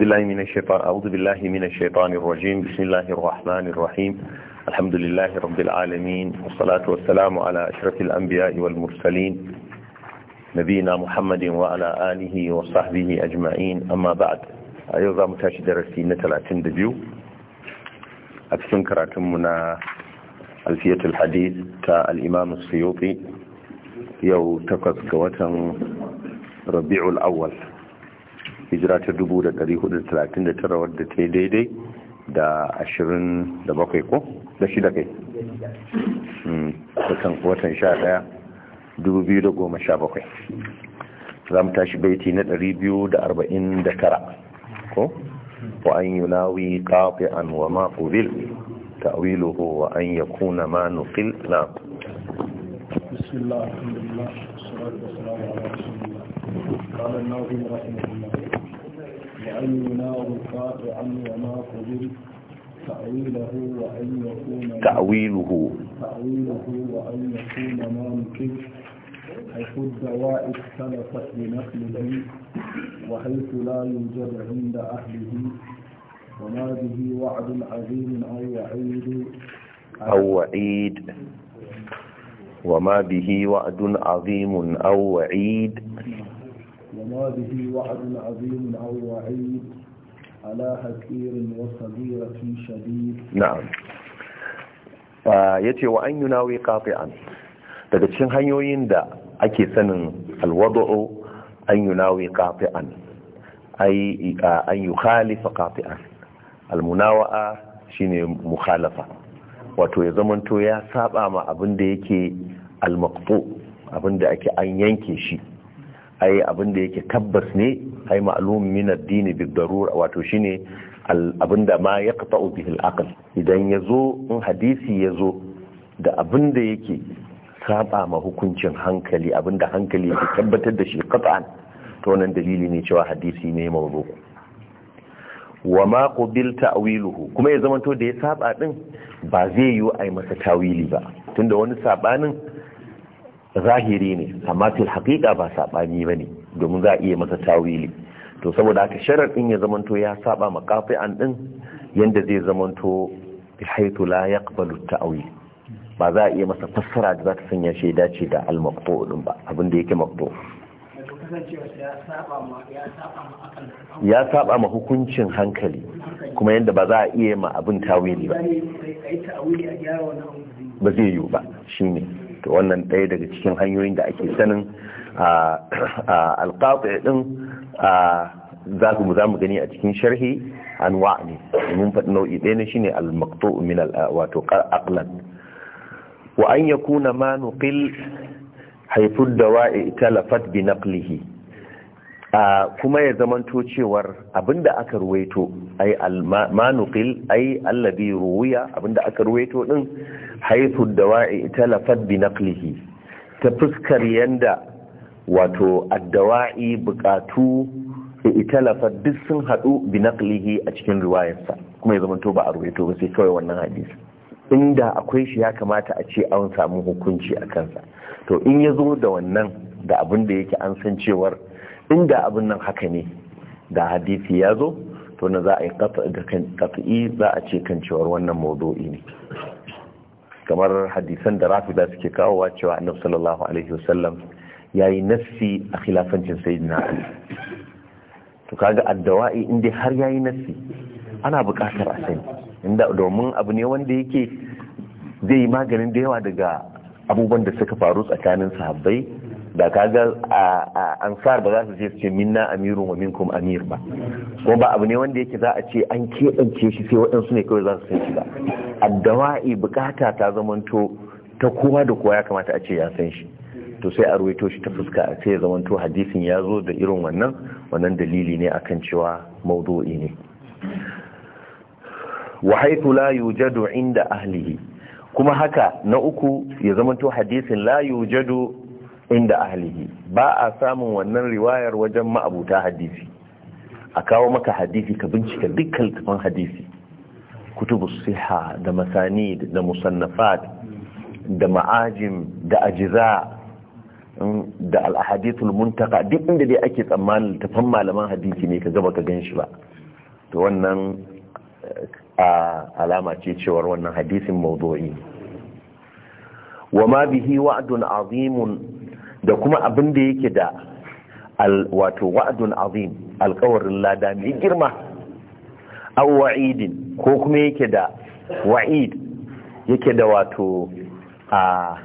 بالله من الشيطان أعوذ بالله من الشيطان الرجيم بسم الله الرحمن الرحيم الحمد لله رب العالمين والصلاة والسلام على أشرف الأنبياء والمرسلين نبينا محمد وعلى آله وصحبه أجمعين أما بعد أيضا متاشد رسينا 32 أكسن كراتمنا ألفية الحديث تا الإمام السيوطي يو تقص قوة ربيع الأول hijira ta tara wadda ta yi daidai da bakwai ko da shi hmm, da kai watan sha bakwai? za mu tashi baiti na tara? ko wa an yi nawi kafi an wa maƙubil ta wilo wa an yi kuna ma nufil na أن ينار وما قدر تأويله وأن يكون تأويله تأويله وأن يكون ما نكر حيث الدواء اختلفت بنقله وحيث لا يوجد عند أهله وما به وعد عظيم أو وعيد أو وعيد وما به وعد عظيم أو وعيد وما به وعد عظيم أو وعيد على حكير وصغيرة شديد نعم yace وأن an yunawi qati'an daga cikin hanyoyin da ake sanin alwada'u an yunawi qati'an ay an yukhalifa qati'an almunawa'a shine wato ya zamanto ya saba ma abin yake almaqtu abin da ake an yanke shi ai abin da yake tabbas ne ai ma'lum min ad bi darura wato shine abinda ma ya kafa bihi al-aql idan yazo in hadisi yazo da abin da yake saba ma hukuncin hankali abinda hankali yake tabbatar da shi qat'an to nan dalili ne cewa hadisi ne mawdu wa ma qabil ta'wiluhu kuma ya zamanto da ya saba din ba zai yi ai masa tawili ba tunda wani sabanin zahiri ne amma fil haƙiƙa ba saɓani ba ne domin za a iya masa tawili to saboda haka ɗin ya zamanto ya saba makafi an ɗin yadda zai zamanto haitu la ya ƙabalu ta'awi ba za a iya masa fassara da za ta sanya shi dace da al-maqtu ba abin da yake maqtu ya saba ma hukuncin hankali kuma yadda ba za a iya ma abin tawili ba ba zai yiwu ba shine to wannan ɗaya daga cikin hanyoyin da ake sanin alƙaƙe ɗin za mu za mu gani a cikin sharhi an wa'ani mun faɗi nau'i ɗaya na shine al-maqtu' min wato aqlan wa an yakuna ma nuqil haythu dawa'i talafat bi naqlihi kuma ya zamanto cewar abinda aka ruwaito ai manukil ai alladhi ruwiya abinda aka ruwaito din haithu dawa'i talafat bi naqlihi ta fuskar yanda wato addawa'i bukatu italafat duk sun haɗu bi naqlihi a cikin riwayarsa kuma ya zamanto ba a ruwaito ba sai kawai wannan hadisi inda akwai shi ya kamata a ce an samu hukunci a kansa to in ya zo da wannan da abinda da yake an san cewar inda abin nan haka ne da hadisi ya zo to na za a yi kat'i za a ce kan cewar wannan maudu'i ne kamar hadisan da Rafi da suke kawowa cewa annab sallallahu alaihi wasallam ya yi nassi a khilafancin sayyidina ali to kaga addawa'i inda har ya yi nassi ana buƙatar a sani inda domin abu ne wanda yake zai yi maganin da yawa daga abubuwan da suka faru tsakanin sahabbai da kaga a ansar ba za su je su ce minna amiru wa minkum amir ba ko ba abu ne wanda yake za a ce an keɓance shi sai waɗansu ne kawai za su san shi ba addawa'i bukata ta zamanto ta kowa da kowa ya kamata a ce ya san shi to sai a ruwaito shi ta fuska a ce ya zamanto hadisin ya zo da irin wannan wannan dalili ne akan cewa maudu'i ne wa haythu la yujadu inda ahlihi kuma haka na uku ya zamanto hadisin la yujadu inda ahlihi ba a samun wannan riwayar wajen ma'abuta hadisi a kawo maka hadisi ka bincika dukkan littafin hadisi kutubu siha da masani da musannafat da ma'ajim da ajiza da al'ahadithul muntaka duk inda dai ake tsammanin littafin malaman hadisi ne ka gaba ka gan shi ba to wannan alama ce cewar wannan hadisin mawdu'i wa ma bihi wa'dun azimun da kuma abin da yake da wato wa'adun azim alkawarin lada mai girma aw wa'idin ko kuma yake da wa'id yake da wato a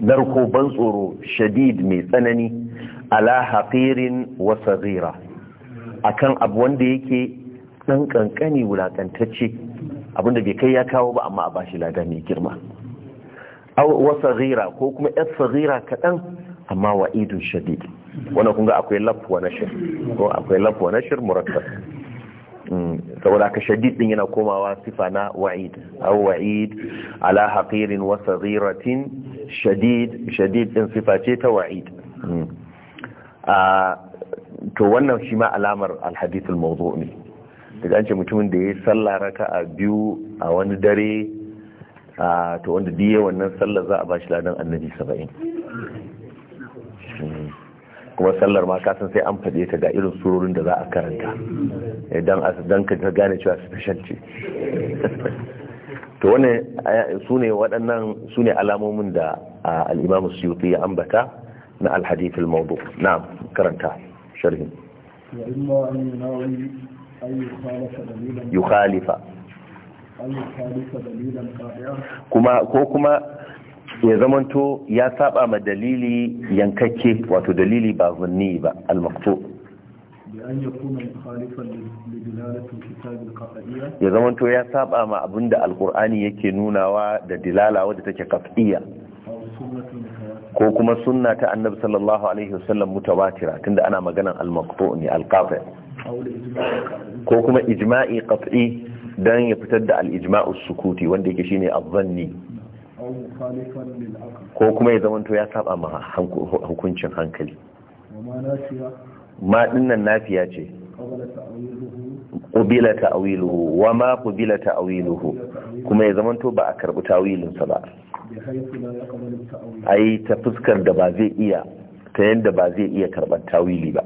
narko ban tsoro shadid mai tsanani ala wasa zira A kan abu wanda yake ɗan ƙanƙani wulakantacce abinda bai kai ya kawo ba amma a bashi lada mai girma a wasa zira ko kuma yar zira kaɗan. amma wa idun shadid wannan kun ga akwai lafuwa wa nashir ko akwai laf wa nashir murakkab mm, saboda ka shadid din yana komawa sifa na wa'id aw wa'id ala haqirin wa saghiratin shadid shadid din sifa ce ta wa'id mm. a to wannan shi ma alamar alhadith almawdu' ne daga an ce mutumin da ya sallah raka'a biyu a wani dare to wanda biye wannan sallar za a bashi ladan annabi 70 kuma sallar ma kasan sai an faɗe ta ga irin surorin da za a karanta idan don ka gane cewa special ce to wane eh, su ne waɗannan su ne alamomin da al'imamu suyuti ya ambata na alhadith al-mawdu na karanta sharhin yukhalifa kuma ko kuma ya zamanto ya saba ma dalili yankakke wato dalili ba zunni ba almakto ya zamanto ya saba ma abin da alkur'ani yake nunawa da dilala wadda take kafiya ko kuma sunna ta annabi sallallahu alaihi wasallam mutawatira tunda ana maganan al ne al ko kuma ijma'i kafi dan ya fitar da al-ijma'u sukuti wanda yake shine azzanni ko kuma ya zamanto ya saba ma hukuncin hankali ma dinnan nafiya ce ƙubila awiluhu wa ma ƙubila awiluhu kuma ya zamanto ba a karɓi tawilinsa ba ai ta fuskar da ba zai iya ta yadda ba zai iya karɓar tawili ba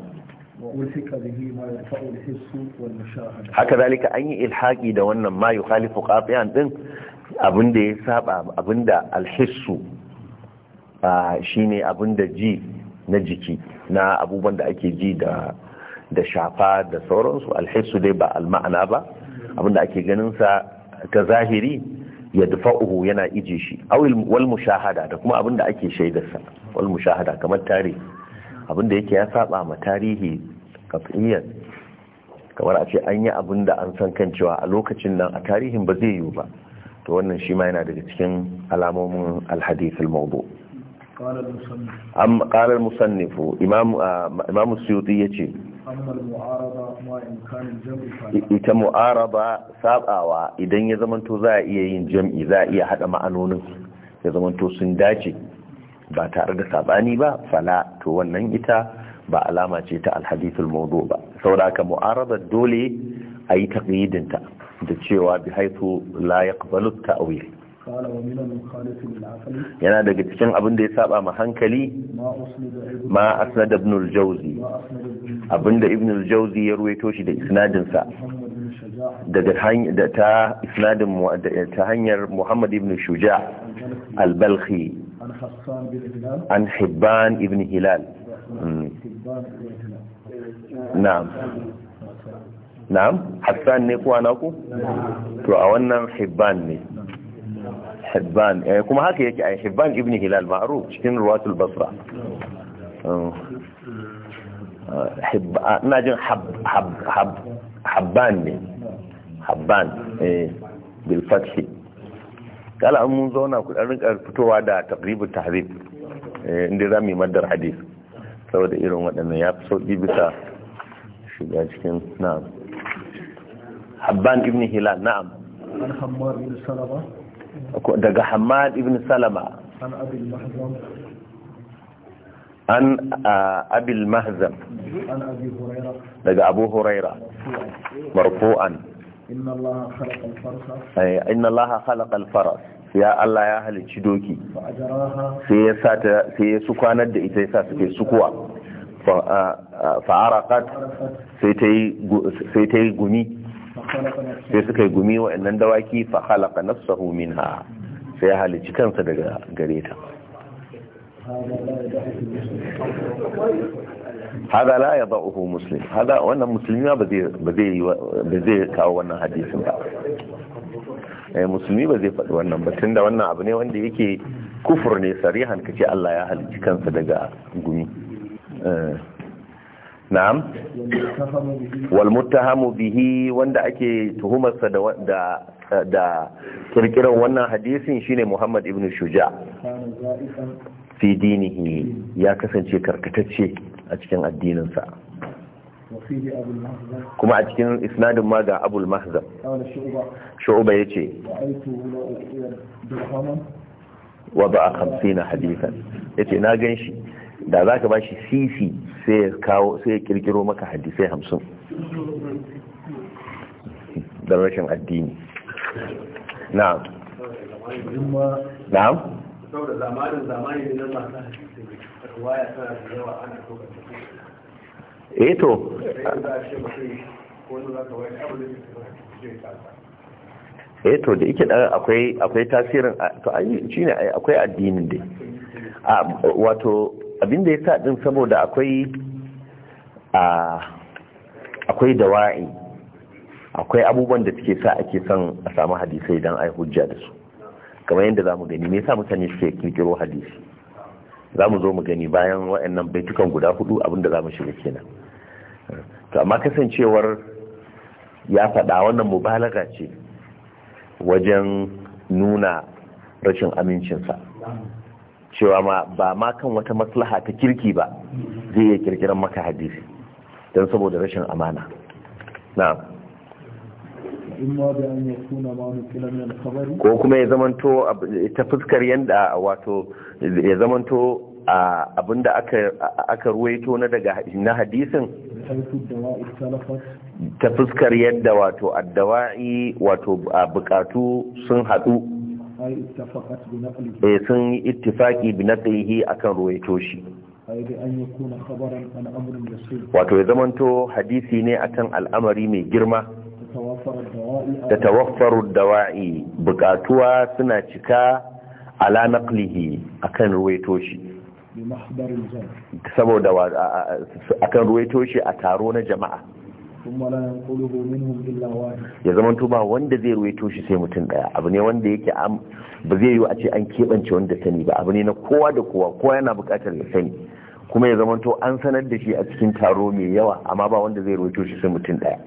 haka zalika an yi ilhaki da wannan ma halifu ƙafiyan din abin da ya saba abin da alhissu ne abin da ji na jiki na abubuwan da ake ji da shafa da sauransu alhissu dai ba alma'ana ba abin da ake ganin sa ta zahiri ya uhu yana ije shi awil wal mushahada da kuma abin da ake shaidarsa wal mushahada kamar tarihi abin da yake ya saba ma tarihi kafiyar kamar a ce an yi abin da an san kan cewa a lokacin nan a tarihin ba zai yiwu ba to wannan shi ma yana daga cikin alamomin alhadith al-mawdu am qala al-musannif imam ah, imam suyuti yace ita mu'araba sabawa idan ya zamanto za iya yin jam'i za a iya hada ma'anonin ya zamanto sun dace ba tare da sabani ba fala to wannan ita ba alama ce ta alhadithul mawdu ba saboda ka mu'arada dole a yi taqyidinta da cewa bi haitu la yaqbalu ta'wil yana daga cikin abin da ya saba ma hankali ma asnad ibn al-jawzi abinda ibn al-jawzi ya ruwaito shi da isnadin sa daga da ta isnadin ta hanyar Muhammad ibn Shuja al-Balkhi an Hibban ibn Hilal na'am na'am hassan ne kuwa naku to a wannan hibban ne hibban eh, kuma haka yake a hibban ibn hilal ma'ruf cikin ruwatul basra um, ina jin habban ne habban eh, bilfashi kala an mun zauna ku ɗarin fitowa da takribin tahrib eh, inda za yi maddar hadis saboda irin waɗannan ya fi sauƙi bisa shiga cikin na'am habban ibn hilal na'am daga hamad ibn salama an abil mahzam daga abu huraira marfu'an inna allaha khalaqa al-faras ya Allah ya halicci doki sai ya sa ta sai ya sukwanar da ita yasa sa suke sukuwa fa'araqat sai ta yi gumi sai suka yi gumi wa wa'annan dawaki fa halaka nafsahu minha sai ya halici kansa daga gare ta hada la ya ba'uhu muslim hada wannan musulmi ba zai kawo wannan hadisin ba eh, musulmi ba zai faɗi wannan ba tunda wannan abu ne wanda yake kufur ne sarihan kace Allah ya halicci kansa daga gumi eh. na'am wal bihi wanda ake tuhumarsa da da da kirkiran wannan hadisin shine Muhammad ibn Shuja fi dinihi ya kasance karkatacce a cikin addininsa kuma a cikin isnadin ma ga abul mahzab shu'uba ya ce wa ba a hadisan ya na gan shi da za ka shi sisi sai ya kawo sai ya kirkiro maka hadisai hamsin da rashin addini na na masu to da yake da akwai tasirin to shi ne akwai addinin dai wato Abin da ya sa din saboda akwai a akwai dawa'i akwai abubuwan da suke sa ake son a samu hadisai don ai hujja da su kamar yadda za mu gani me yasa mutane suke kirkiro hadisi za mu zo mu gani bayan waɗannan baitukan guda hudu da za mu shiga kenan to amma kasancewar ya faɗa wannan mubalaga ce wajen nuna rashin amincinsa cewa ma ba ma kan wata maslaha ta kirki ba zai iya kirkiran maka hadisi don saboda rashin amana ko kuma ya zamanto ta fuskar yadda wato ya zamanto abinda aka ruwaito na daga na hadisin ta fuskar yadda wato addawa'i wato bukatu sun haɗu. eh sun yi ittifaki bi naqlihi akan ruwaito shi wato ya to hadisi ne akan al'amari mai girma da tawaffaru dawa'i bukatuwa suna cika ala naqlihi akan ruwaito shi saboda akan ruwaito shi a taro na jama'a ya zama ba wanda zai ruwaito shi sai mutum daya abu ne wanda yake ba zai yi a ce an keɓance wanda sani ba abu ne na kowa da kowa kowa yana buƙatar ya sani kuma ya zama an sanar da shi a cikin taro mai yawa amma ba wanda zai ruwaito shi sai mutum daya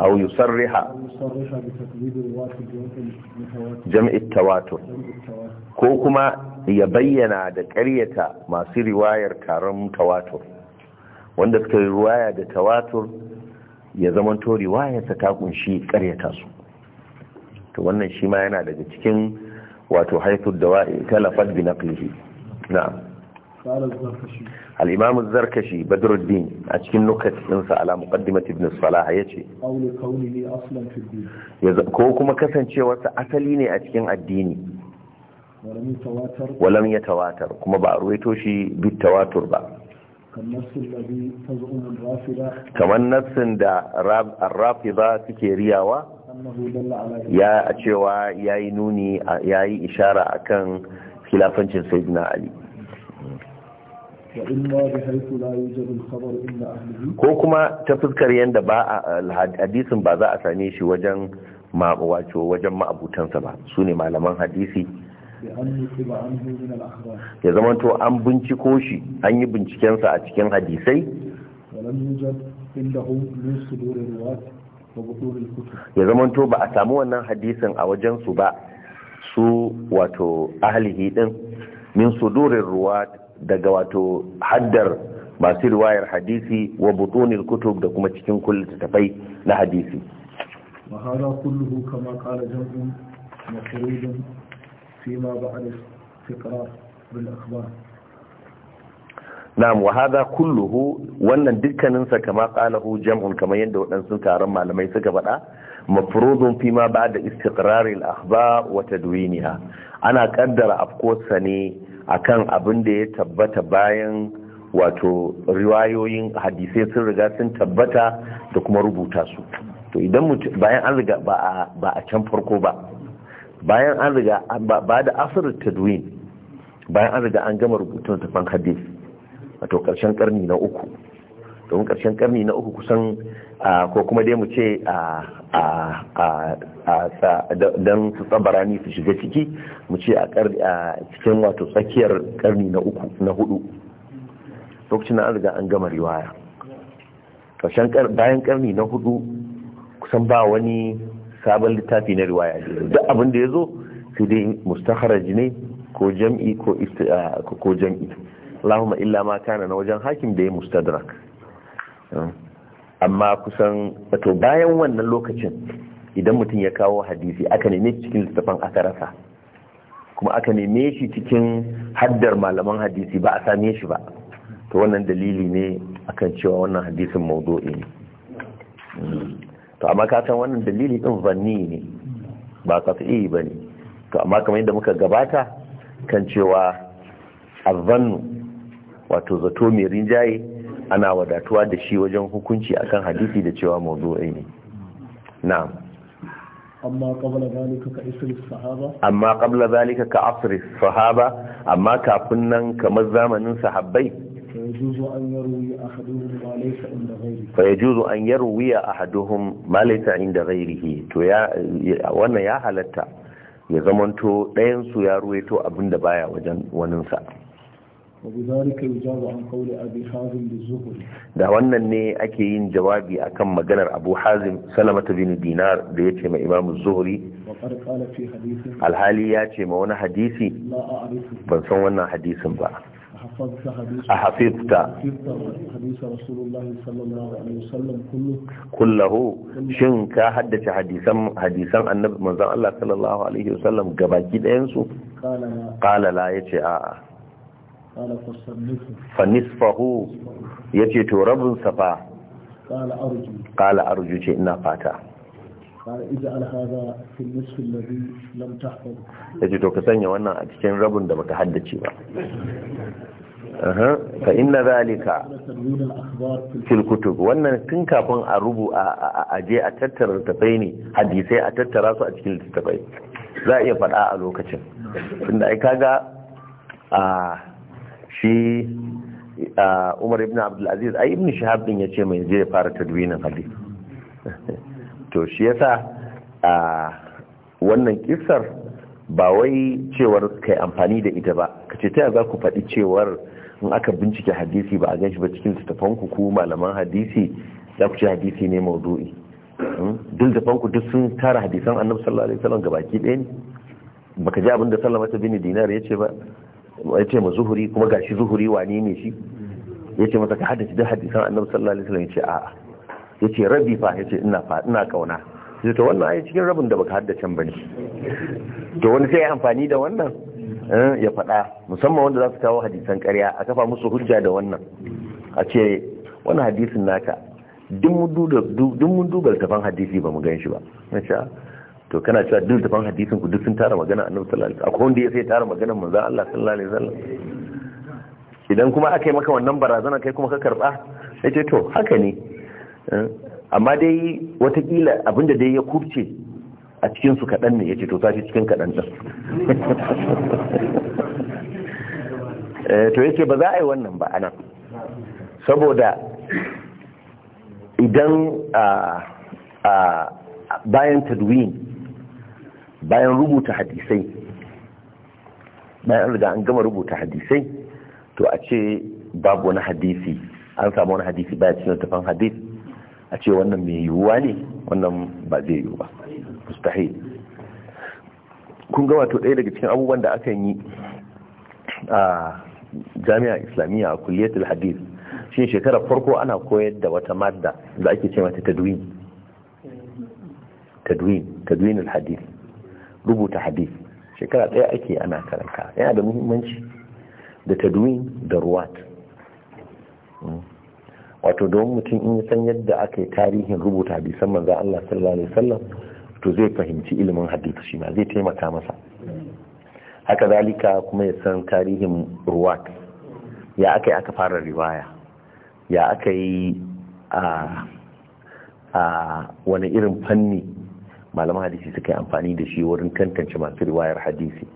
أو يصرح جمع التواتر ko kuma ya bayyana da ƙaryata masu riwayar taron tawatur wanda suka yi ruwaya da tawatur ya zamanto riwayarsa ta kunshi karyata su to wannan shi ma yana daga cikin wato haifar da wa'i talafat bi naqlihi na'am al-imam az-zarkashi badruddin a cikin nukat ɗinsa ala muqaddimat ibn salah yace ko kuma kasancewarsa asali ne a cikin addini walam ya tawatar kuma ba a ruwaito shi bi tawatur ba kamar nassin da rafida suke riyawa ya cewa ya yi nuni ya yi ishara a kan filafancin sayyidina ali ko kuma ta fuskar yadda ba hadisin ba za a same shi wajen wajen ma'abutansa ba su ne malaman hadisi ya zamanto an binciko shi an yi bincikensa a cikin hadisai ya zamanto ba a samu wannan hadisin a wajensu ba su wato ahalihi din min sudurin ruwa daga wato haddar masu riwayar hadisi wa butunil kutub da kuma cikin kulle tafai na hadisi kama kala فيما بعد استقرار Na'am wa hada wannan dukkaninsa kama qalahu jam'un kamar yadda waɗansu taron malamai suka faɗa mafrudun fi ma ba'da istiqrar al-akhbar ana kaddara afkosa ne akan abin da ya tabbata bayan wato riwayoyin hadisai sun riga sun tabbata da kuma rubuta su to idan bayan an riga ba a can farko ba bayan an riga ba da asirin tadwin bayan an riga an gama rubutun tafan hadith wato karshen karni na uku don karshen karni na uku kusan ko kuma dai mu ce don su tsabarani su shiga ciki mu ce a cikin wato tsakiyar karni na uku na hudu lokacin an riga an gama riwaya karshen bayan karni na hudu kusan ba wani sabon littafi na riwaya duk abin da ya zo sai dai mustakharaj ne ko jam'i ko ko jam'i Allahumma illa ma kana na wajen hakim da ya mustadrak amma kusan to bayan wannan lokacin idan mutum ya kawo hadisi aka neme cikin littafin aka rasa kuma aka neme shi cikin haddar malaman hadisi ba a same shi ba to wannan dalili ne akan cewa wannan hadisin maudu'i ne to amma ka san wannan dalili din vanni ne ba qat'i bane to amma kamar yadda muka gabata kan cewa azannu wato zato mai rinjaye ana wadatuwa da shi wajen hukunci akan hadisi da cewa mawdu'i ne na'am amma qabla zalika ka asr sahaba amma sahaba amma kafin nan kamar zamanin sahabbai فيجوز an يروي a haduhun ليس inda غيره to أن ya أحدهم ya zamanto ɗayansu ya ruwaito abin da baya wajen waninsa da wannan ne ake yin jawabi akan maganar abu hazim salamata bin dinar da ya ce ma imamu zuhuri alhali ya ce ma wani hadisi ban san wannan hadisin ba حفظت حديث حفظت حديث رسول الله صلى الله عليه وسلم كله كله شن كا حديثا حديثا النبي من الله صلى الله عليه وسلم قبل ɗayan su qala la yace a qala fa nisfahu yace to rabun safa qala arju qala arju ce ina fata ya ce to ka sanya wannan a cikin rabin da baka haddace ba ka inna zalika fil wannan tun kafin a rubu a je a tattara tafai ne hadisai a tattara su a cikin littafai za a iya faɗa a lokacin da aika kaga a shi Umar ibn abdulaziz a yi ibn shahab din ce mai je fara tadwinin hadisi to shi yasa a wannan kisar ba wai cewar kai amfani da ita ba ka ce ta za ku faɗi cewar in aka bincike hadisi ba a ganshi shi ba cikin littattafan ku ku malaman hadisi za ku ce hadisi ne maudu'i hmm? duk littattafan ku duk sun tara hadisan annabi sallallahu alaihi wasallam gabaki ɗaya ne baka ji abin da sallama ta bini dinar yace ba yace ma zuhuri kuma gashi zuhuri wane ne shi yace masa ka hadisi da hadisan annabi sallallahu alaihi wasallam yace a'a ya ce rabi fa ya ce ina kauna ya ta wannan ai cikin rabin da baka haddace ba ne to wani sai ya amfani da wannan eh, ya faɗa musamman wanda za su kawo hadisan ƙarya a kafa musu hujja da wannan a ce wani hadisin naka duk mun duba littafan hadisi ba mu gan shi ba to kana cewa duk littafan hadisin ku duk sun tara magana a sallallahu alaihi wasallam akwai wanda ya sai tara magana manzon Allah sallallahu alaihi wasallam idan kuma aka yi maka wannan barazana kai kuma ka karba ce to haka ne Eh? amma dai watakila abinda dai ya kurce a cikinsu kaɗan ne ya ce to sashi cikin kaɗan ɗin eh, to ya ce ba za a yi wannan ba anan saboda idan bayan tadwin bayan rubuta hadisai bayan riga an gama rubuta hadisai to a ce babu wani hadisi an samu wani hadisi baya cikin tafan hadisi a ce wannan mai yiwuwa ne wannan ba zai yiwu ba mustahil kun ga wato ɗaya daga cikin abubuwan da aka yi a jami'a islamiyya a kulliyatul hadith shi shekarar farko ana koyar da wata madda da ake ce mata tadwin tadwin tadwin al-hadith rubuta hadith shekara ɗaya ake ana karanta yana da muhimmanci da tadwin da ruwat hmm. wato don mutum in san yadda aka yi tarihin rubuta hadisan manzo Allah sallallahu alaihi wasallam to zai fahimci ilimin hadisi shi ma zai taimaka masa haka zalika kuma ya san tarihin ruwat ya aka yi aka fara riwaya ya aka yi a wani irin fanni malaman hadisi suka yi amfani da shi wurin tantance masu riwayar hadisi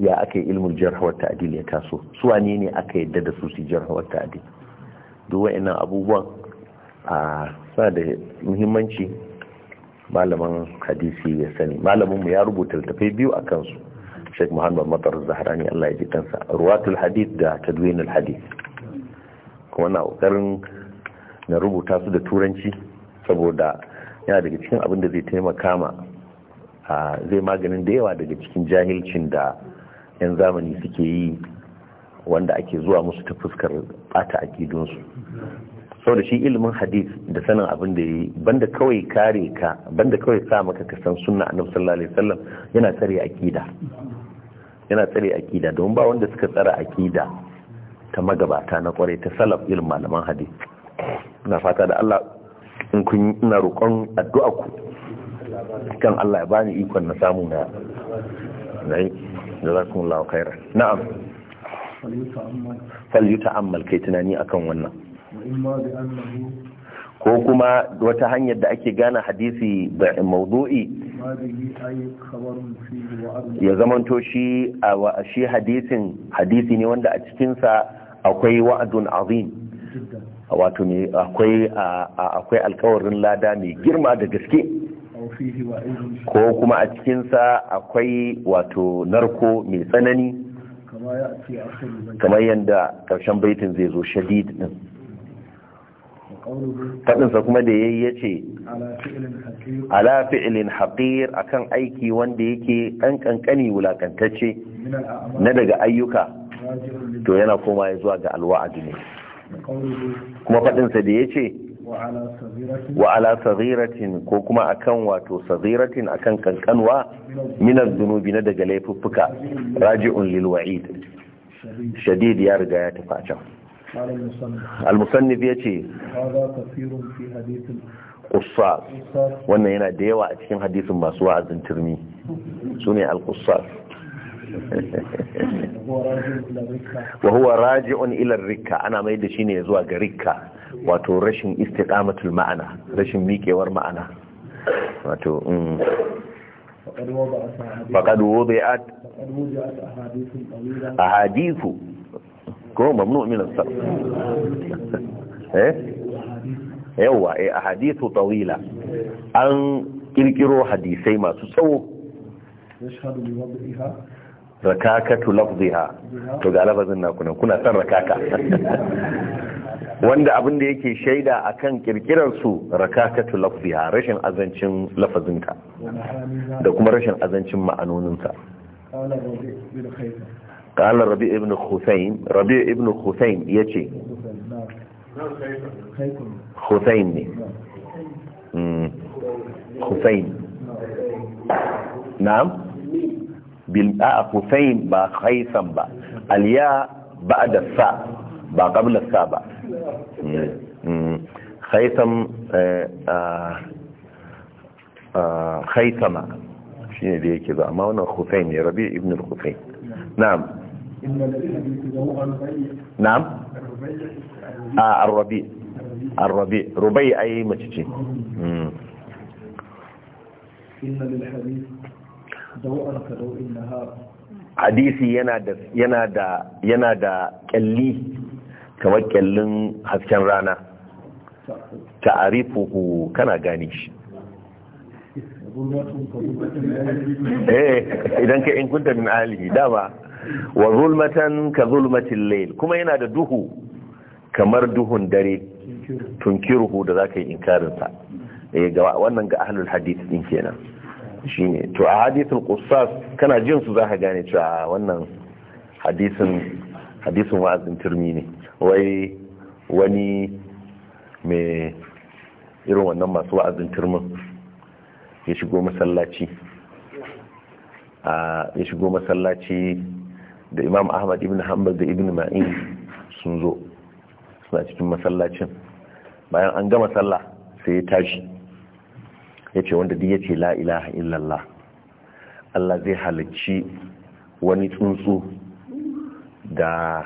ya aka yi ilmul jarhawar ta'adil ya taso suwa ne ne aka yadda da su su jarhawar ta'adil duk wa'annan abubuwan a sa da muhimmanci malaman hadisi ya sani malamin mu ya rubuta littafai biyu a kansu Sheikh Muhammad Matar ne Allah ya ji kansa Ruwatul Hadith da Tadwinul Hadith kuma na ƙoƙarin na rubuta su da turanci saboda yana daga cikin abin da zai taimaka ma zai maganin da yawa daga cikin jahilcin da 'yan zamani suke yi wanda ake zuwa musu ta fuskar bata akidunsu da shi ilimin hadith da sanin abin da yi banda kawai kare ka banda kawai sa maka ka san sunna annabi sallallahu alaihi wasallam yana tsare akida yana tsare akida don ba wanda suka tsara akida ta magabata na kwarai ta salaf ilimin malaman hadith ina fata da Allah in kun ina roƙon addu'a ku kan Allah ya bani ikon na samu na nayi jazakumullahu khairan na'am falyuta'ammal kai tunani akan wannan ko kuma wata hanyar da ake gane hadisi da maudu'i ya zamanto shi a shi hadisin hadisi ne wanda a cikinsa akwai wa'adun azim wato ne akwai akwai alkawarin lada mai girma da gaske ko kuma a cikinsa akwai wato narko mai tsanani kamar yadda ƙarshen baitin zai zo shadid din faɗinsa kuma da ya yi ya ce ala fi'ilin haƙir a kan aiki wanda yake ɗan ƙanƙani wulaƙantacce na daga ayyuka to yana koma ya zuwa ga alwa'adu ne kuma faɗinsa da ya ce wa ala sagiratin ko kuma akan wato sagiratin akan kankanwa minar zunubi na daga laifuffuka raji'un lil wa'id shadid ya riga ya tafi can al-musannif yace qussas wannan yana da yawa a cikin hadisin masu wa'azin turmi sune al-qussas wa huwa raji'un ila rikka ana mai da ne zuwa ga rikka wato rashin istiqamatul ma'ana rashin miƙewar ma'ana wato mm. faqad wudi'at ahadithu ko mamnu min as-sarf eh yawa eh, an kirkiro hadisai masu tsawo rakakatu lafziha to ga lafazin naku nan kuna san rakaka wanda abin da yake shaida akan kirkirar su rakakatu lafziha rashin azancin lafazinta da kuma rashin azancin ma'anoninta قال ربيع ابن خثيم ربيع ابن خثيم يجي خثيم خثيم نعم bil a husayn ba khaisan ba alya ba'da sa ba qabla sa ba khaisam khaisan khaisama shine da yake ba amma wannan khufain ne rabi ibn al khufain na'am na'am a ar-rabi ar-rabi rubai ai mace ce hadisi yana da yana da yana da kyalli kamar kyallin hasken rana ta'arifuhu kana gane shi eh idan ka in kunta min alihi dama wa zulmatan ka zulmatil layl kuma yana da duhu kamar duhun dare tunkiruhu da zaka yi inkarin sa eh ga wannan ga ahlul hadith din kenan ne to a hadithul qussas kana jin su zaka gane cewa wannan hadisin wa'azin turmi ne wai wani mai irin wannan masu wa'azin turmin ya shigo masallaci ya shigo masallaci da imam ahmad ibn hanbal da ibn ma'in sun zo suna cikin masallacin bayan an gama sallah sai ya tashi ya ce wanda duk ya ce la ilaha illallah Allah zai halarci wani tsuntsu da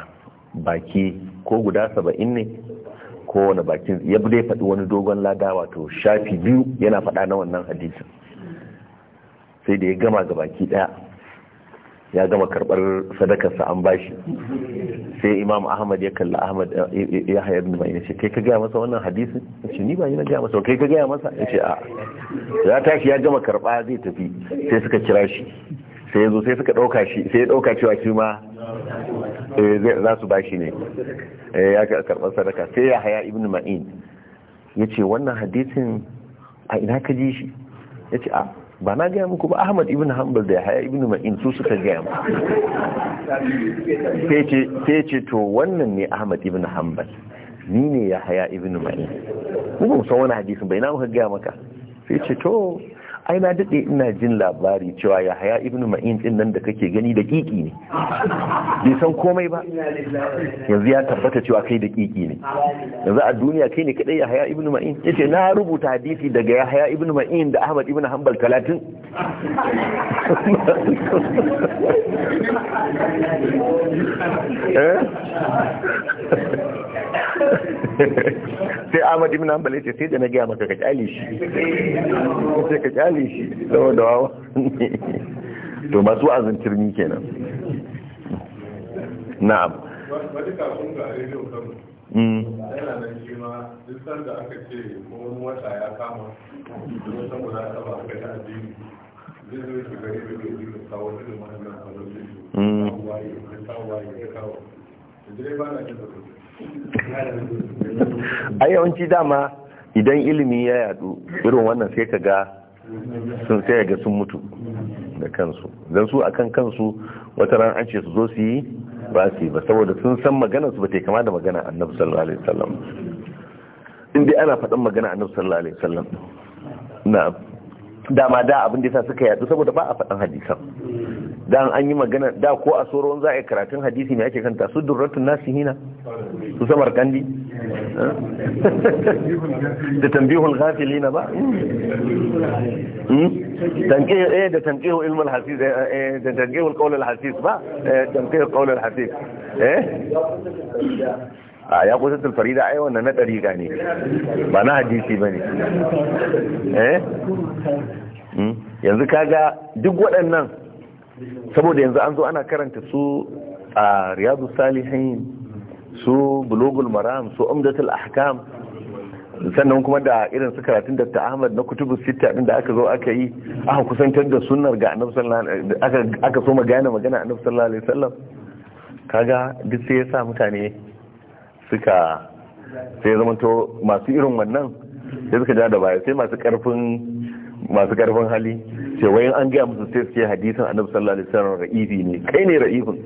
baki ko guda saba'in ne wani bakin ya bude faɗi wani dogon lada wato shafi biyu yana faɗa na wannan hadisin sai da ya gama ga baki ɗaya ya gama karbar sadakarsa an bashi sai imam ahmad ya kalli ahmad ya hayar da mai ce kai ka gaya masa wannan hadisi ya ce ni ba ni na gaya masa kai ka gaya masa ya ce a ya tashi ya gama karba zai tafi sai suka kira shi sai zo sai suka ɗauka shi sai ya ɗauka cewa shi ma eh, za su bashi ne eh, ya karɓar sadaka sai ya haya ibn ma'in ya ce wannan hadisin a ina ka ji shi ya ce a ba na gaya muku ba ahmad ibn hanbal da ya haya ibn ma'in su suka gaya mu ce to wannan ne ahmad ibn hanbal ni ne ya haya ibn ma'in mu ba san wani hadisin bai na muka gaya maka sai ce to ai na daɗe ina jin labari cewa ya haya ibnu ma'in din nan da kake gani da kiki ne bai san komai ba yanzu ya tabbata cewa kai da kiki ne yanzu a duniya kai ne kadai ya haya ibnu ma'in yace na rubuta hadisi daga ya haya ibnu ma'in da ahmad ibnu hanbal talatin? eh sai Ahmad ibn Hanbal yace sai da na gaya maka ka kyale shi sai ka kyale shi saboda wawa to masu azin turmi kenan na'am wani ga rediyo kan hmm. yana nan shi ma sanda aka ce wani wata ya kama duk san guda ta ba ta addini a yawanci dama idan ilimi ya yadu irin wannan sai ka ga sun sai ga sun mutu da kansu don su akan kansu wata ran an ce su zo su yi ba su yi ba saboda sun san magana su ba ta kama da magana annabi sallallahu alaihi wasallam in dai ana faɗin magana annabi sallallahu alaihi wasallam na dama da abin da sa suka yadu saboda ba a faɗin hadisan dan an yi magana da ko a tsoron za a yi karatun hadisi ne ake kanta su durratun hina su samar kandi da hafili na ba hmm? eh, da tanqihu ilmul hasis eh, eh, da tanqihu qawl al hasis ba da qawl al hasis eh a ya kusa tulfarida da aiwa na dariga ne ba na hadisi ba eh hmm? yanzu kaga duk waɗannan saboda yanzu an zo ana karanta su a riyadu salihin su bulogul maram su umdatul ahkam sannan kuma da irin su karatun dr ahmad na kutubu sita din da aka zo aka yi aka kusantar da sunnar ga annabi sallallahu aka so magana magana annabi sallallahu alaihi wasallam kaga duk sai ya sa mutane suka sai zama to masu irin wannan sai suka ja da baya sai masu karfin masu karfin hali ce wai an gaya musu sai ce hadisin annabi sallallahu alaihi wasallam ra'ifi ne kai ne ra'ifin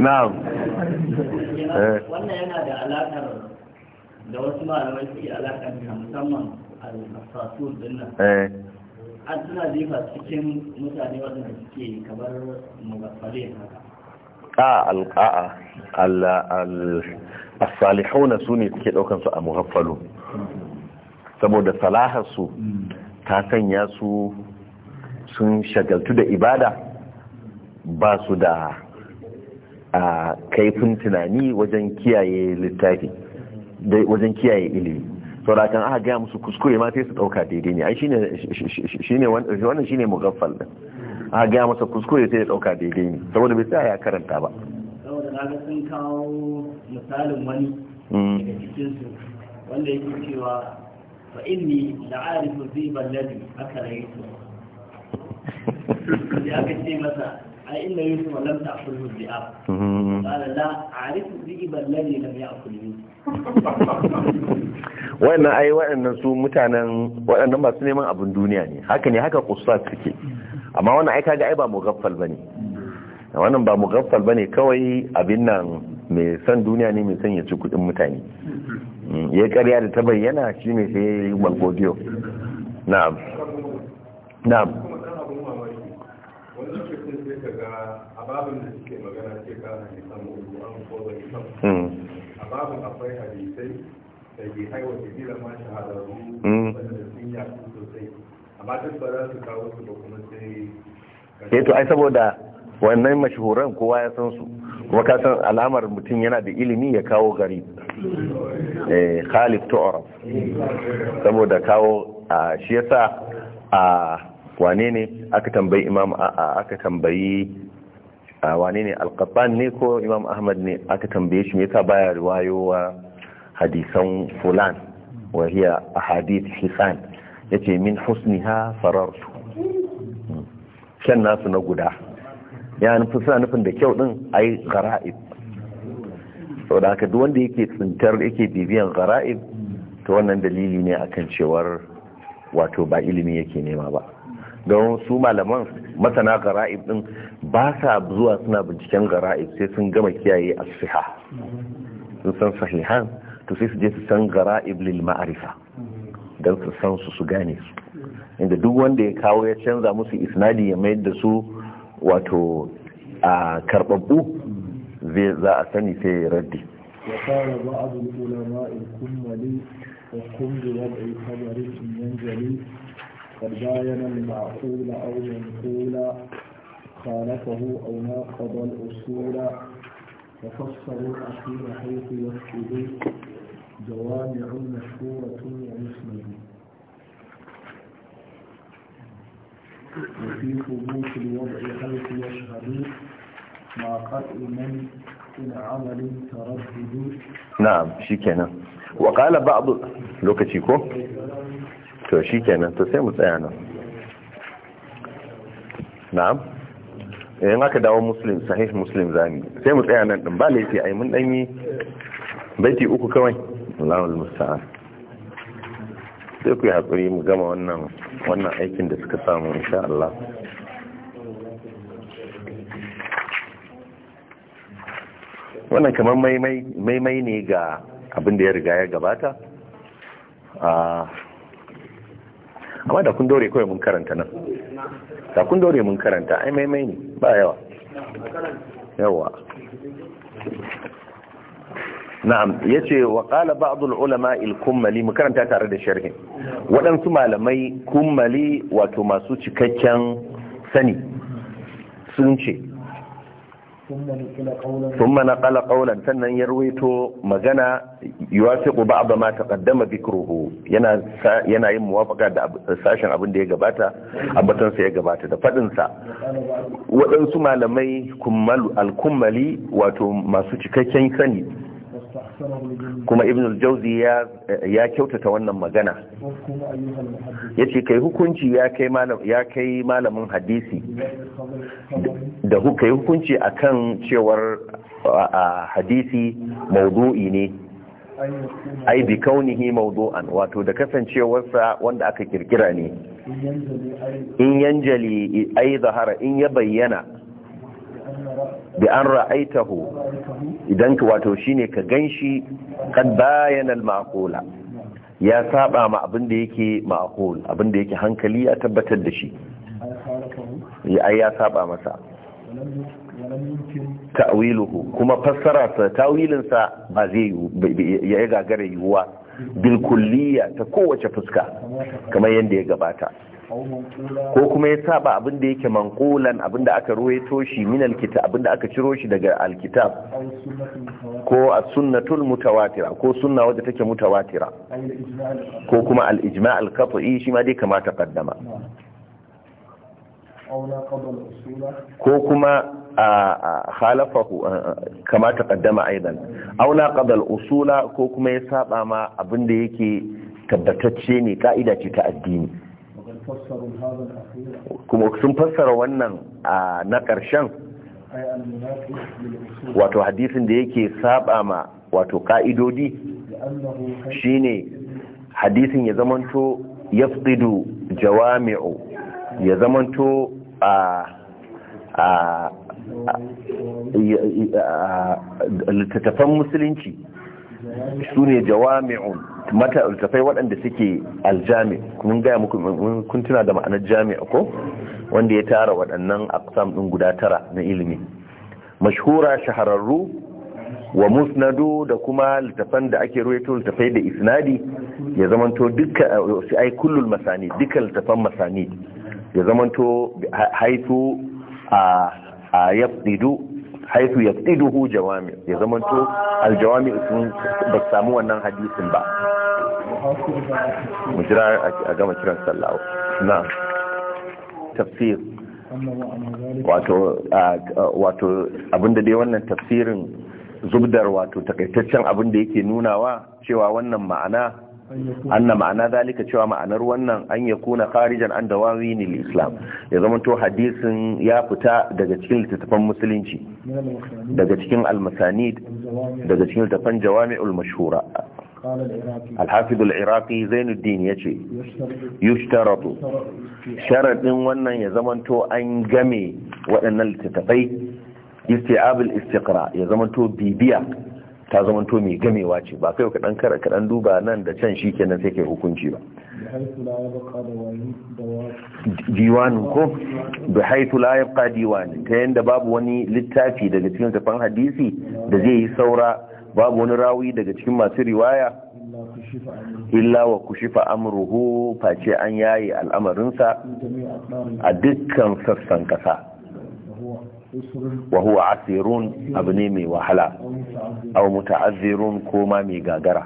na'am eh. wannan yana da alakar da wasu malamai suke alakar da musamman al-fasul dinnan eh an suna jefa cikin mutane wadanda suke kamar mugaffale haka a alqa'a al al as-salihuna sune suke daukan su a mughaffalu saboda salaharsu hmm. ta sanya su sun shagaltu da ibada ba su da a kaifin tunani wajen kiyaye littafi wajen kiyaye ilimi saurakan aka gaya musu kuskure ma sai su dauka daidai ne ai shine wannan shine mugaffal din aka gaya masa kuskure sai ya dauka daidai ne saboda bai tsaya ya karanta ba saboda kaga sun kawo misalin wani hmm. daga cikin wanda yake cewa فإني لعارف la'arifu الذي أكل akala yusuf أكل aka ce masa ai inna yusuf lam ta'kulhu dhi'ab mm-hmm. qala la a'rifu dhi'ba alladhi lam ya'kul wannan ai waɗannan su mutanen waɗannan masu neman abin duniya ne haka ne haka kusa suke amma wannan ai kaga ai ba mu gaffal bane wannan ba mu gaffal bane kawai abin nan mai san duniya ne mai san ya ci kuɗin mutane ya karya da ta bayyana shi ne sai ya yi balgodiyo na'am na'am babin akwai hmm. hadisai da ke haiwata gila ma shahararru wadanda sun yaku sosai amma duk ba za su kawo su da kuma sai eh to ai saboda wannan mashahuran kowa ya san su kuma ka san alamar mutum yana da ilimi ya kawo gari eh, khalif tu'raf saboda kawo shi yasa a wane ne aka tambayi imam aka tambayi wane ne alqattan ne ko imam ahmad ne aka tambaye shi yasa baya riwayowa hadisan fulan wa hiya ahadith hisan yace min husniha farartu Shan hmm. nasu na guda ya nufin suna nufin da kyau din yi gara'ib sau da aka duwanda yake tsintar yake bibiyan gara'ib ta wannan dalili ne akan cewar wato ba ilimi yake nema ba don su malaman masana gara'ib din ba sa zuwa suna binciken gara'ib sai sun gama kiyaye siha sun san sahihan to sai su je su san gara'ib lil ma'arifa don su san su su gane su inda duk wanda ya kawo ya canza musu isnadi ya mayar da su wato a karbabbu zai za a sani sai raddi وقال بعض العلماء الكملي والكم بوضع خبر ينجلي قد باين المعقول أو المنقول خالفه أو ناقض الأصول وفسروا الأخير حيث يفقد جوامع مشهورة ومسند وفي ثبوت الوضع حيث يشهد مع قطع من العمل تردد نعم شكنا وقال بعض لوكتيكو to شكنا kenan to sai mu tsaya nan na'am in aka dawo muslim sahih muslim sai mu tsaya nan din ba laifi ai mun danyi baiti uku kawai sai ku yi haƙuri mu gama wannan wannan aikin da suka samu insha Allah wannan kamar maimai ne ga abin da ya riga ya gabata ah, amma da kun dore kawai mun karanta nan da kun dore mun karanta ai maimai ne ba yawa yawa na'am yace wa qala ba'd ulama al-kummali mu karanta tare da sharhin waɗansu malamai kummali wato masu cikakken sani sun ce ثم magana قولا سنن يرويتو مغنى يوافق بعض ما ta ذكره yana yana yin muwafaka da sashen abin da ya gabata a sa ya gabata da fadin sa waɗansu malamai alkumali wato masu cikakken sani kuma ibn al-jawzi ya kyautata wannan magana yace kai hukunci ya kai malam ya kai malamin hadisi da kai hukunci akan cewar hadisi maudu'i ne ai bi kaunihi maudu'an wato da kasancewarsa wanda aka kirkira ne in yanjali ai zahara in ya bayyana bi an ra'aitahu idan ka wato shine ka ganshi kad bayana al-ma'qula ya saba ma abin da yake ma'qul abin da yake hankali ya tabbatar da shi ai ya saba masa ta'wiluhu kuma fassara sa tawilin sa ba zai ya gagara yiwuwa bil kulliya ta kowace fuska kamar yadda ya gabata ko kuma ya saba abin da yake manqulan abin da aka ruwaito shi min alkitab abin da aka ciro shi daga alkitab ko as-sunnatul mutawatira ko sunna wadda take mutawatira ko kuma al-ijma' al-qat'i shi ma dai kamata kaddama ko kuma a khalafahu kama kaddama aidan aula qadal usula ko kuma ya saba ma abin da yake tabbatacce ne ka'ida ce ta addini kuma sun fassara wannan na ƙarshen wato hadisin da yake saba ma wato ka'idodi shine hadisin ya zamanto ya jawami'u ya zamanto a littattafan musulunci Sune ne jawami'un mata ultafai waɗanda suke aljami mun gaya muku kun tuna da ma'anar jami'a ko wanda ya tara waɗannan aksam ɗin guda tara na ilimi mashhura shahararru wa musnadu da kuma littafan da ake ruwaito littafai da isnadi ya zamanto duka ai kullul masani duka littafan masani ya zamanto haitu a yafdidu haifu ya tsiduhu jawami ya zama to aljawami sun ba samu wannan hadisin ba mu jira a gama kiran sallawa na tafsir wato wato abinda dai wannan tafsirin zubdar wato takaitaccen abinda yake nunawa cewa wannan ma'ana anna ma'ana zalika cewa ma'anar wannan an ya kuna kharijan an dawawin islam ya zama to hadisin ya fita daga cikin littattafan musulunci daga cikin almasanid daga cikin littattafan jawami'ul mashhura الحافظ العراقي زين الدين يجي يشترط شرط wannan ya zamanto an game waɗannan littattafai isti'ab al-istiqra ya zamanto bibiya ta zama to mai gamewa ce ba kai kaɗan kara kaɗan duba nan da can shi kenan sai ke hukunci ba diwanin ko da haitu la yabqa diwanin ta yanda babu wani littafi daga cikin tafan hadisi da zai yi saura babu wani rawi daga cikin masu riwaya illa wa kushifa amruhu face an yaye al'amarinsa a dukkan sassan kasa wa huwa asirun abu ne mai wahala aw muta'azzirun ko ma mai gagara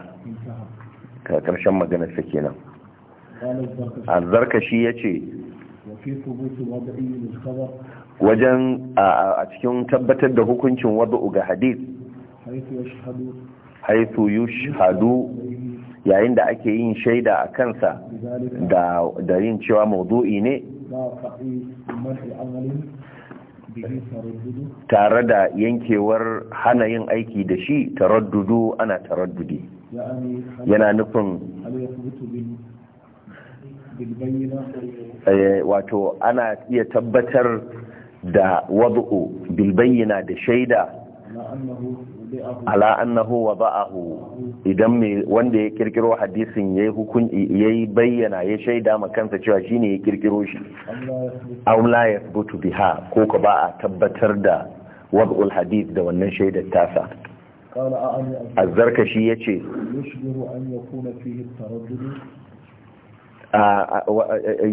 ka karshen magana sa kenan azzarkashi yace wajen a cikin tabbatar da hukuncin wada'u ga hadith haithu yushhadu yayin da ake yin shaida a kansa da yin cewa maudu'i ne tare da yankewar hana yin aiki da shi taraddudu ana taraddudi yana nufin eh, wato ana iya tabbatar da wadu'u bilbayyana da shaida ala annahu ba'ahu idan me wanda ya kirkiro hadisin yayi hukunci yayi bayyana ya shaida ma kansa cewa shine ya kirkiro shi aw la yathbutu biha ko ka ba a tabbatar da wad'ul hadis da wannan shaidar tasa azzarkashi yace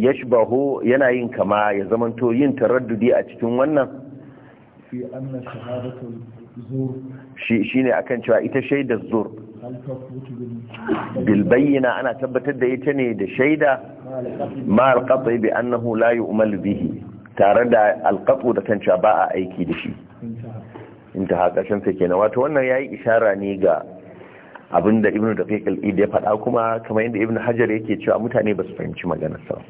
yashbahu yana yin kama ya zamanto yin taraddudi a cikin wannan shi ne akan cewa ita shaidar zur bilbayyana ana tabbatar da ita ne da shaida ma alƙatsai bi annahu la yu'mal bihi tare da alƙatsu da kan cewa ba a aiki da shi inda ta shan sa kenan wato wannan yayi ishara ne ga abinda ibnu da id ya faɗa kuma kamar yadda ibnu hajar yake cewa mutane ba su fahimci maganar sa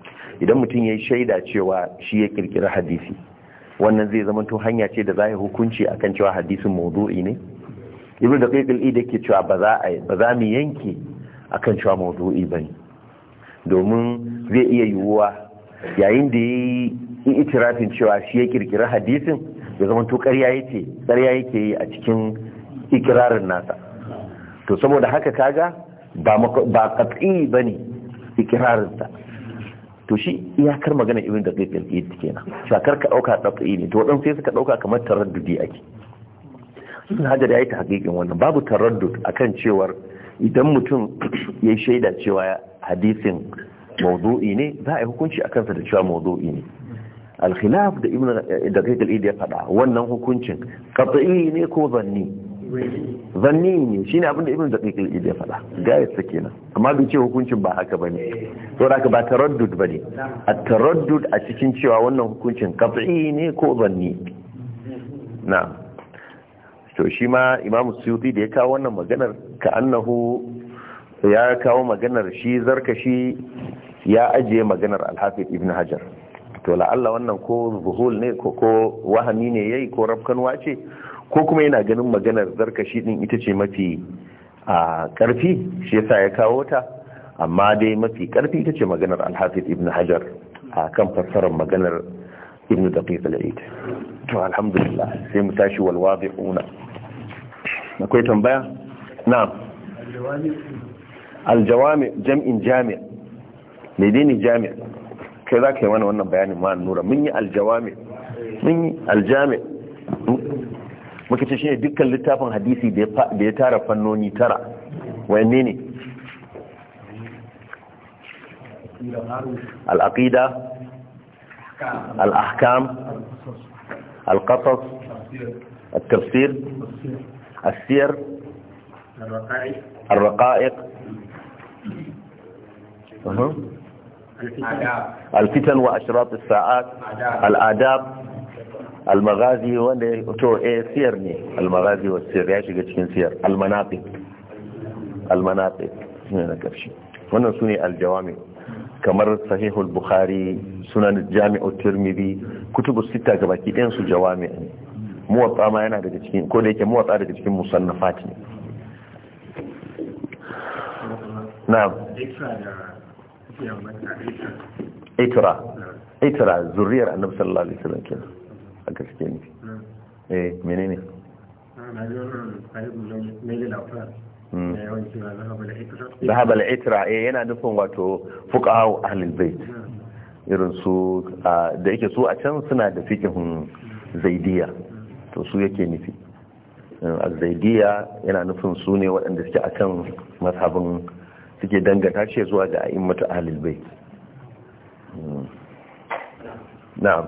idan mutum yayi shaida cewa shi ya kirkiri hadisi wannan zai zama to hanya ce da za a yi hukunci akan cewa hadisin mawdu'i ne ibn da qayyim da ke cewa ba za mu yanke akan cewa ba ne domin zai iya yiwuwa yayin da yi itirafin cewa shi ya kirkira hadisin ya zama to ƙarya yake ƙarya yake yi a cikin ikirarin nasa to saboda haka kaga ba ba qat'i bane ikirarinsa to shi iyakar magana irin da kai kalki kenan shakar ka dauka tsatsi ne to wadan sai suka dauka kamar taraddudi ake sun hajar ya yi ta hakikin wannan babu taraddud akan cewar idan mutum ya shaida cewa hadisin mawdu'i ne za a yi hukunci a kansa da cewa mawdu'i ne alkhilaf da ibn da kai ya faɗa wannan hukuncin qat'i ne ko zanni zanni ne shine abin da ibn daqiq da ya faɗa gayar sa kenan amma bai ce hukuncin ba haka ba So, eh. saboda haka ba taraddud bane a taraddud a cikin cewa wannan hukuncin kafi ne ko zanni na to shi ma imamu suyuti da ya kawo wannan maganar ka annahu ya kawo maganar shi zarkashi ya ajiye maganar alhafiz ibn hajar to la'alla wannan ko zuhul ne ko wahami ne yayi ko rafkanwa ce ko kuma yana ganin maganar zarkashi din ita ce mafi a karfi shi yasa ya kawo ta amma dai mafi karfi ita ce maganar alhafiz ibn hajar a kan fassarar maganar ibn daqiq al-eid to alhamdulillah sai mu tashi wal wadi'una akwai tambaya na'am aljawami jam'in jami' menene jami' kai za ka yi mana wannan bayanin ma nura mun yi aljawami mun yi aljami' muka ce shine dukkan littafin hadisi da ya tara fannoni tara wayanne ne al-aqida al-ahkam al-qasas التفسير السير الرقائق الفتن وأشراط الساعات الآداب almagazi wanda ya to eh siyar ne almagazi wa siyar ya shiga cikin siyar almanaqib almanaqib ne na karshe wannan sune aljawami kamar sahihul bukhari sunan jami'u tirmidhi kutubu sita gabaki ɗayan su jawami ne muwatsa ma yana daga cikin ko da yake muwatsa daga cikin musannafat ne na'am itra itra zuriyar annabi sallallahu alaihi wasallam kenan a suke nufi hmm. eh menene ah, hmm. eh, zahab al-itra eh yana nufin wato fuqaha ahlul bait hmm. irin su da yake su a can suna da fiqhun zaidiya to su yake nufi eh, al-zaidiya yana nufin su ne waɗanda suke a can mazhabin suke dangata ce zuwa ga a'immatu ahlul bait na'am